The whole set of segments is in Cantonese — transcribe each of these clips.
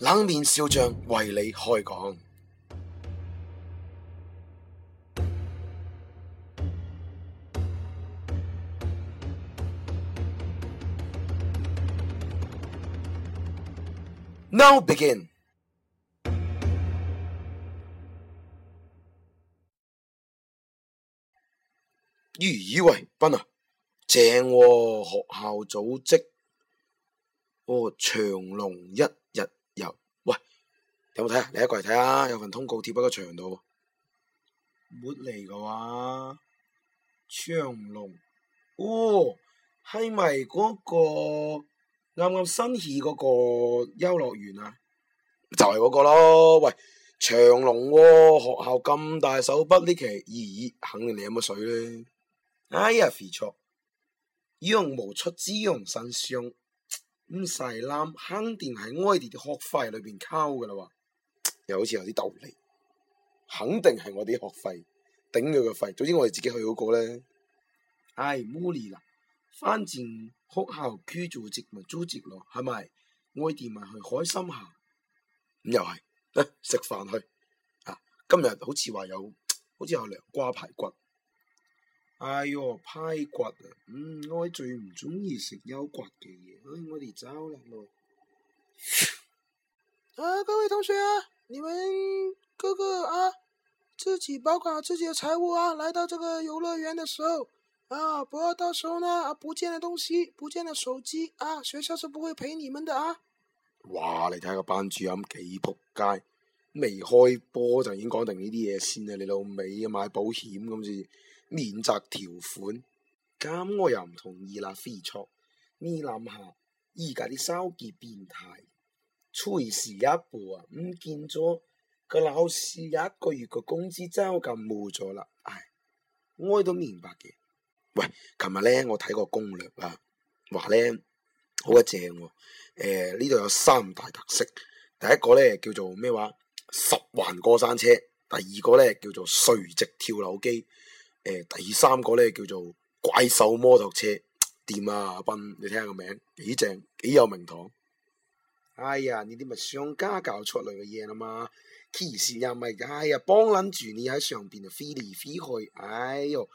冷面笑將為你開講。Now begin。以為不呢？正喎、哦，學校組織哦，長龍一。又喂，有冇睇啊？你一過嚟睇啊？有份通告貼喺個牆度。沒嚟嘅話，長隆哦，係咪嗰個啱啱新起嗰個遊樂園啊？就係嗰個咯，喂，長隆喎、哦，學校咁大手筆呢期，咦，肯定你有乜水咧？哎呀，肥錯，羊毛出在羊身上。咁細欖肯定係愛迪啲學費裏邊溝嘅啦喎，又好似有啲道理，肯定係我啲學費頂佢個肺。總之我哋自己去嗰個咧，唉無理啦。翻轉學校區做值咪租值咯，係咪？愛迪咪去開心下，咁又係。咧，食飯去啊！今日好似話有，好似有涼瓜排骨。哎呦，排骨啊！嗯，我最唔中意食有骨嘅嘢。所以、哎、我哋走啦，羅。啊，各位同學啊，你們各個啊，自己保管好自己嘅財物啊。來到這個遊樂園嘅時候，啊，不要到時候呢，啊，不見了東西，不見了手機，啊，學校是不會賠你們的啊。哇！你睇下個班主任幾仆街，未開波就已經講定呢啲嘢先啦。你老味買保險咁先。免責條款，咁我又唔同意啦，飛叔。你諗下，而家啲收結變態，隨時一步啊，唔見咗個老師，有一個月個工資就咁冇咗啦，唉，我都明白嘅。喂，琴日咧我睇過攻略啊，話咧好鬼正喎。哦，誒呢度有三大特色，第一個咧叫做咩話十環過山車，第二個咧叫做垂直跳樓機。誒，第三個咧叫做怪獸摩托車店啊，阿斌，你聽下個名，幾正，幾有名堂。哎呀，呢啲咪商家教出嚟嘅嘢啊嘛，騎士又咪，哎呀，幫捻住你喺上邊就飛嚟飛去，哎喲，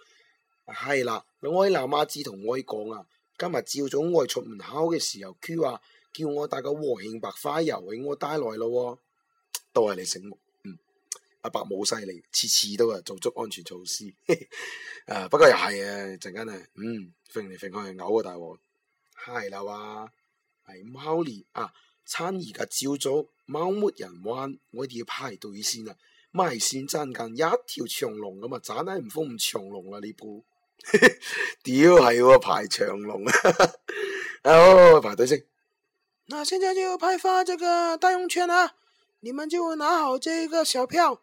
係啦，我喺老媽子同我講啊，今日朝早我出門口嘅時候，佢話叫我帶個和興白花油，我帶嚟啦喎，都係你醒目。阿伯冇犀利，次次都係做足安全措施。誒、 啊，不過又係誒陣間誒，嗯，揈嚟揈去，嘔啊大鑊，係啦哇，係貓年啊！餐而家朝早，貓沒人玩，我哋要排隊先啊！咪先爭緊一條長龍咁啊，咋啲唔封唔長龍啊？你估？ 屌係喎、哦、排長龍啊！哦， 排隊先。嗱，現在就要派發這個代用券啦、啊，你們就拿好這個小票。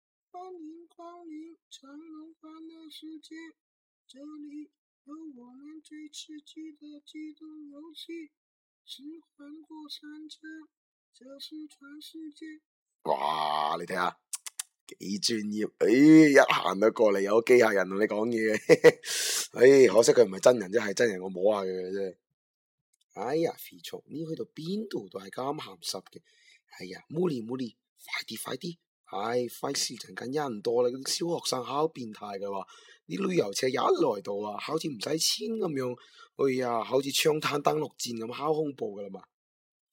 歡迎光臨長隆歡樂世界，這裏有我們最刺激的機動遊戲，十環過山車，這是全世界。哇，你睇下，幾專業！哎，一行到過嚟有機械人同你講嘢，哎，可惜佢唔係真人啫，係真人我摸下佢嘅啫。哎呀，肥聰，呢去到邊度都係咁鹹濕嘅，哎呀，冇理冇理，快啲快啲！唉，費事陣間一唔多啦，嗰啲小學生好變態嘅話，啲旅遊車一來到啊，好似唔使錢咁樣，哎呀，好似槍灘登陸戰咁，好恐怖嘅啦嘛！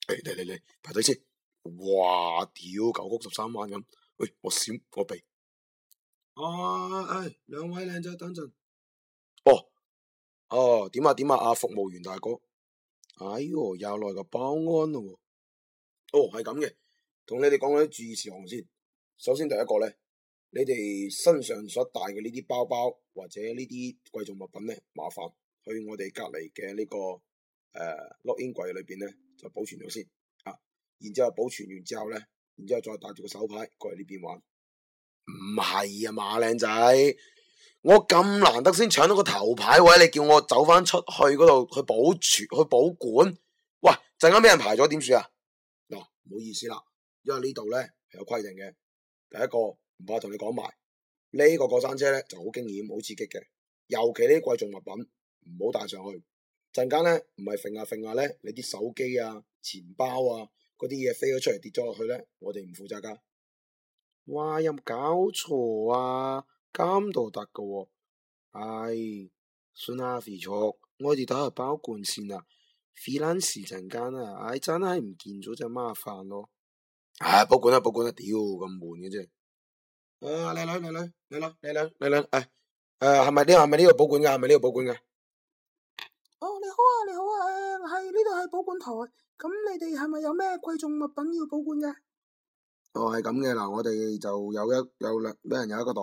唉、哎，嚟嚟嚟排隊先，哇，屌九曲十三彎咁，喂、哎，我閃我避，啊，誒、哎，兩位靚仔等陣，哦，哦，點啊點啊，阿、啊啊、服務員大哥，哎喲，又來個保安啦，哦，係咁嘅，同你哋講啲注意事項先。首先第一個咧，你哋身上所帶嘅呢啲包包或者呢啲貴重物品咧，麻煩去我哋隔籬嘅呢個誒 locker 櫃裏邊咧就保存咗先啊。然之後保存完之後咧，然之後再帶住個手牌過嚟呢邊玩。唔係啊嘛，靚仔，我咁難得先搶到個頭牌位，你叫我走翻出去嗰度去保存去保管？喂，陣間俾人排咗點算啊？嗱，唔好意思啦，因為呢度咧係有規定嘅。第一個唔怕同你講埋呢個過山車咧就好驚險、好刺激嘅，尤其呢啲貴重物品唔好帶上去。陣間咧唔係揈下揈下咧，你啲手機啊、錢包啊嗰啲嘢飛咗出嚟，跌咗落去咧，我哋唔負責噶。哇！有冇搞錯啊？咁都得㗎喎，唉、哎，算啦肥叔，我哋打個包罐先啦，飛翻時陣間啊，唉、哎、真係唔見咗就麻煩咯。係、啊、保管啊，保管啊，屌咁悶嘅啫！啊，靚女，靚女，靚女，靚女，靚、啊、女，誒、啊，誒，係咪呢？係咪呢個保管嘅？係咪呢個保管嘅？哦，你好啊，你好啊，誒、呃，係呢度係保管台，咁你哋係咪有咩貴重物品要保管嘅？哦，係咁嘅，嗱、呃，我哋就有一有兩，有人有一個袋，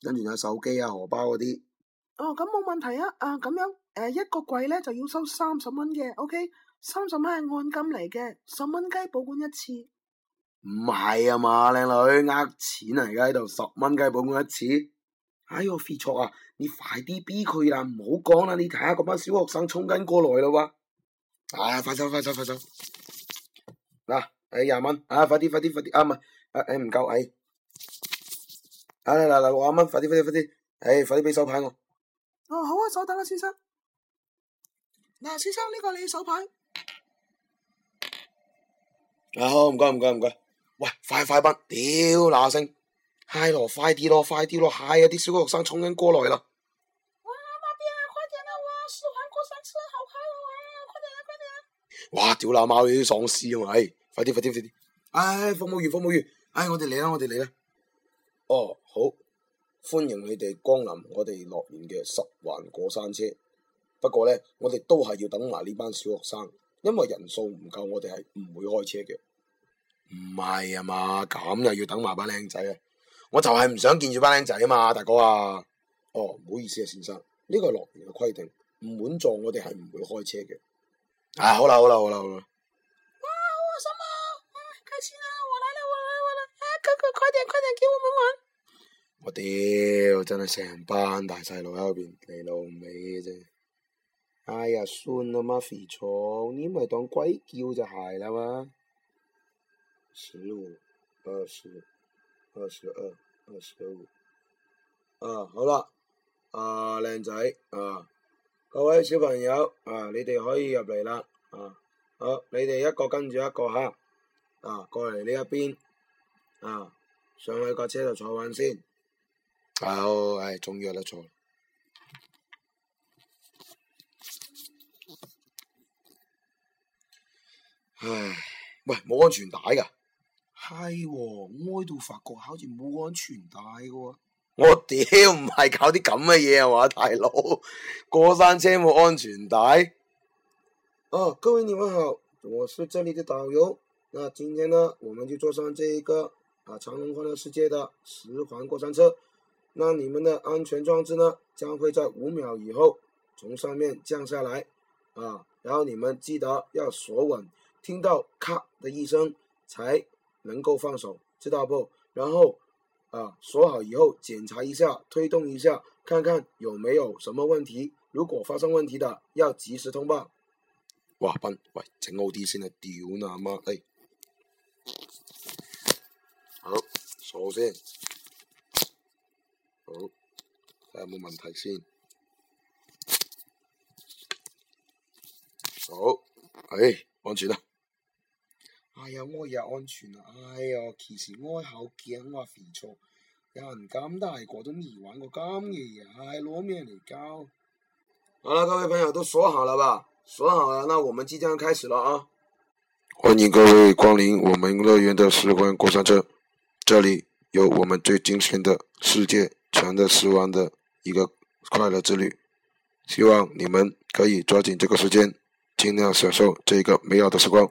跟住有手機啊、荷包嗰啲。哦，咁冇問題啊！啊、呃，咁樣，誒、呃，一個櫃咧就要收三十蚊嘅，OK，三十蚊係按金嚟嘅，十蚊雞保管一次。唔係啊嘛，靚女，呃錢啊，而家喺度十蚊雞保管一次。哎喲，Fei 卓啊，你快啲逼佢啦，唔好講啦。你睇下嗰班小學生衝緊過來啦喎、啊啊哎啊啊啊哎啊。哎，快手，快手，快手。嗱，誒，廿蚊，啊，快啲，快啲，快啲。啊唔係，誒誒，唔夠，誒。啊，嚟嚟，六廿蚊，快啲，快啲，快啲。誒，快啲俾手牌我。哦，好啊，稍等啦，先生。嗱、啊，先生呢、呢個你手牌。啊好，唔該，唔該，唔該。喂，快快奔！屌，嗱聲，嗨咯、哎，快啲咯，快啲咯，嗨、哎、啊，啲小學生衝緊過嚟啦！哇，媽屌，快啲啦！哇，十環過山車好開啊！哇，快啲、啊、啦，快啲啦、啊！啊、哇，屌，嗱，貓有啲喪屍，喂、啊，快、哎、啲，快啲，快啲！唉，服務員，服務員，唉、哎，我哋嚟啦，我哋嚟啦！哦，好，歡迎你哋光臨我哋樂園嘅十環過山車。不過咧，我哋都係要等埋呢班小學生，因為人數唔夠，我哋係唔會開車嘅。唔係啊嘛，咁又要等埋班靚仔啊！我就係唔想見住班靚仔啊嘛，大哥啊！哦，唔好意思啊，先生，呢個樂園嘅規定，唔滿座我哋係唔會開車嘅。啊，好啦好啦好啦好啦！好哇，好心啊！啊，快啲啦，我嚟啦我嚟我嚟！啊，哥哥快啲快啲，叫我們玩！我屌，真係成班大細路喺嗰邊你老味嘅啫。哎呀，算啦嘛肥蟲，你咪當鬼叫就係啦嘛～十五、二十、啊、二十二、二十五。啊，好啦，啊，靚仔，啊，各位小朋友，啊，你哋可以入嚟啦。啊，好，你哋一個跟住一個吓，啊，過嚟呢一邊，啊，上去個車度坐穩先。啊，好，係、哎，終於有得坐。唉，喂，冇安全帶噶。係、哦，我喺度發覺好似冇安全帶嘅，啊。我屌，唔係搞啲咁嘅嘢係嘛，大佬？過山車冇安全帶。哦，各位你們好，我是這裏的導遊。那今天呢，我們就坐上這一個啊長隆歡樂世界的十環過山車。那你們的安全裝置呢，將會在五秒以後從上面降下來。啊，然後你們記得要鎖穩，聽到咔的一聲才。能夠放手，知道不？然後，啊，鎖好以後，檢查一下，推動一下，看看有沒有什麼問題。如果發生問題的，要及時通報。哇，笨喂，整好啲先啦，屌阿媽哎！好，鎖先。好，睇下冇問題先。好，哎，忘記了。哎呀，我也安全了！哎呀，其實我好驚，啊，肥豬，有人咁大個都唔玩個咁嘅嘢，係攞咩嚟搞？好了，各位朋友都說好了吧？說好了，那我們即將開始了啊！歡迎各位光臨我們樂園的時光過山車，這裡有我們最驚險的世界全的時光的一個快樂之旅，希望你們可以抓緊這個時間，盡量享受這個美好的時光。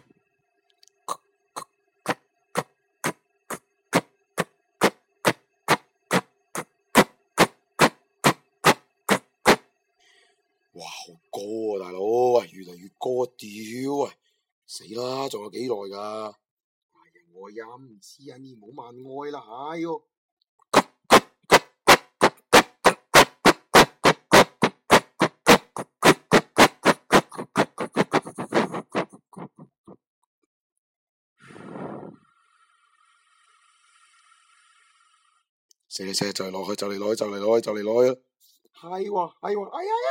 哥啊，大佬，喂，越嚟越哥，屌啊！死啦，仲有幾耐㗎？我也唔知啊，你唔好問我啦，哎喲！射射就落去，就嚟攞去，就嚟攞去，就嚟攞去。係喎，係喎，哎呀呀！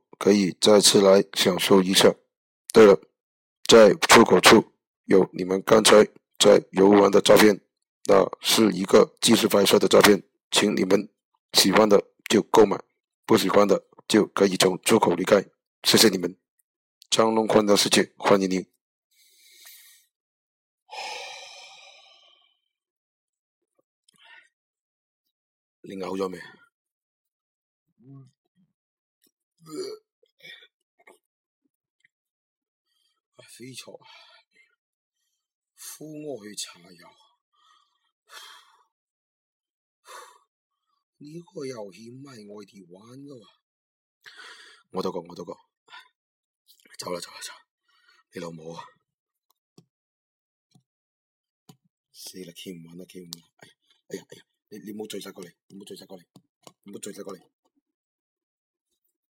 可以再次來享受一下。對了，在出口處有你們剛才在遊玩的照片，那是一個即時拍攝的照片，請你們喜歡的就購買，不喜歡的就可以從出口離開。謝謝你們，張龍歡樂世界歡迎您呼您沒。你好、嗯，咗、呃、未？你錯啊！呼我去查遊，呢個遊戲唔係外地玩噶喎。我都覺，我都覺。走啦，走啦，走！你老母啊！死啦，企唔穩啦企唔穩！哎呀，哎呀，哎呀！你你唔好醉晒過嚟，你冇醉晒過嚟，你冇醉晒過嚟。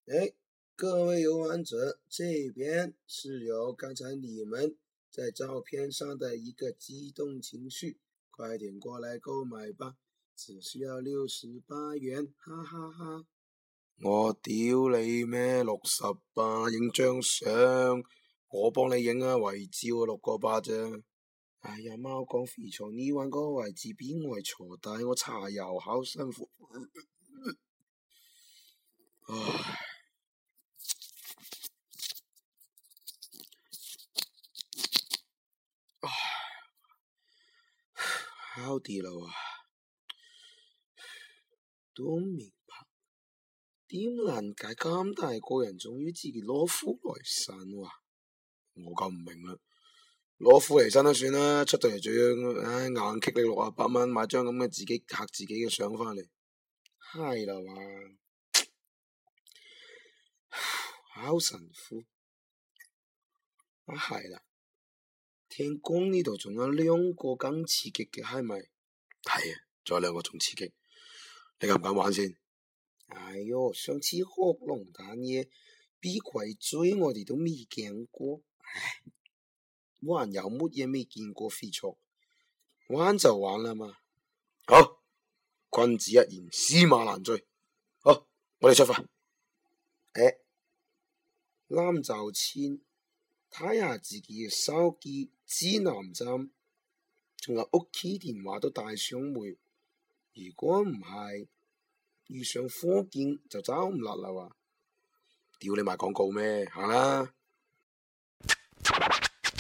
誒！欸各位遊玩者，這邊是有剛才你們在照片上的一個激動情緒，快點過來購買吧，只需要六十八元，哈哈哈，哈！我屌你咩？六十八影張相，我幫你影啊，位置六個八啫。哎呀，貓講肥床，你玩嗰個位置邊位坐？但係我茶油好辛苦， 搞啲啦啊，都唔明白，點能解咁大個人，仲要自己攞富嚟生喎，我夠唔明啦，攞富嚟生都算啦，出到嚟最，唉，硬激你六啊八蚊買張咁嘅自己嚇自己嘅相翻嚟，嗨啦嘛，考神父，啊係啦。聽講呢度仲有兩個咁刺激嘅係咪？係啊，仲有兩個仲刺激，你敢唔敢玩先？哎喲，上次鶴龍蛋嘢畀鬼追我哋都未見過，哎、冇人有乜嘢未見過？飛錯，玩就玩啦嘛。好，君子一言，駟馬難追。好，我哋出發。誒、哎，啱就千。睇下自己嘅手機、指南針，仲有屋企電話都帶上回。如果唔係，遇上火警就找不到走唔甩啦！話，屌你賣廣告咩？係啦。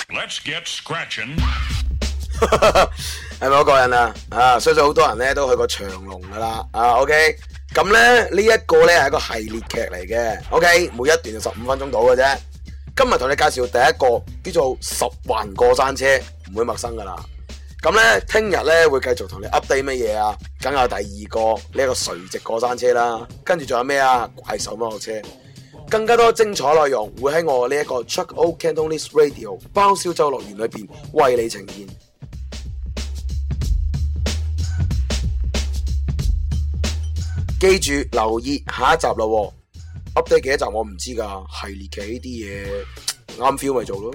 Let's get scratching。係咪 好過癮啊？啊，相信好多人咧都去過長隆噶啦。啊，OK，咁咧呢一個咧係一個系列劇嚟嘅。OK，每一段就十五分鐘到嘅啫。今日同你介紹第一個叫做十環過山車，唔會陌生噶啦。咁呢，聽日呢會繼續同你 update 乜嘢啊？梗係第二個呢一個垂直過山車啦。跟住仲有咩啊？怪獸摩托車，更加多精彩內容會喺我呢一個 Chuck O Cantonese Radio 包燒週樂園裏邊為你呈現。記住留意下一集咯喎！update 幾多集我唔知㗎，系列嘅呢啲嘢啱 feel 咪做咯，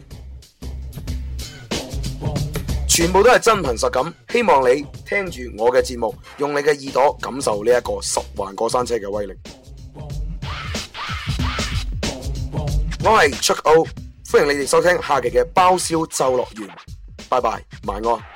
全部都係真憑實感。希望你聽住我嘅節目，用你嘅耳朵感受呢一個十環過山車嘅威力。 我係 Chuck O，歡迎你哋收聽下期嘅包銷奏樂園，拜拜，晚安。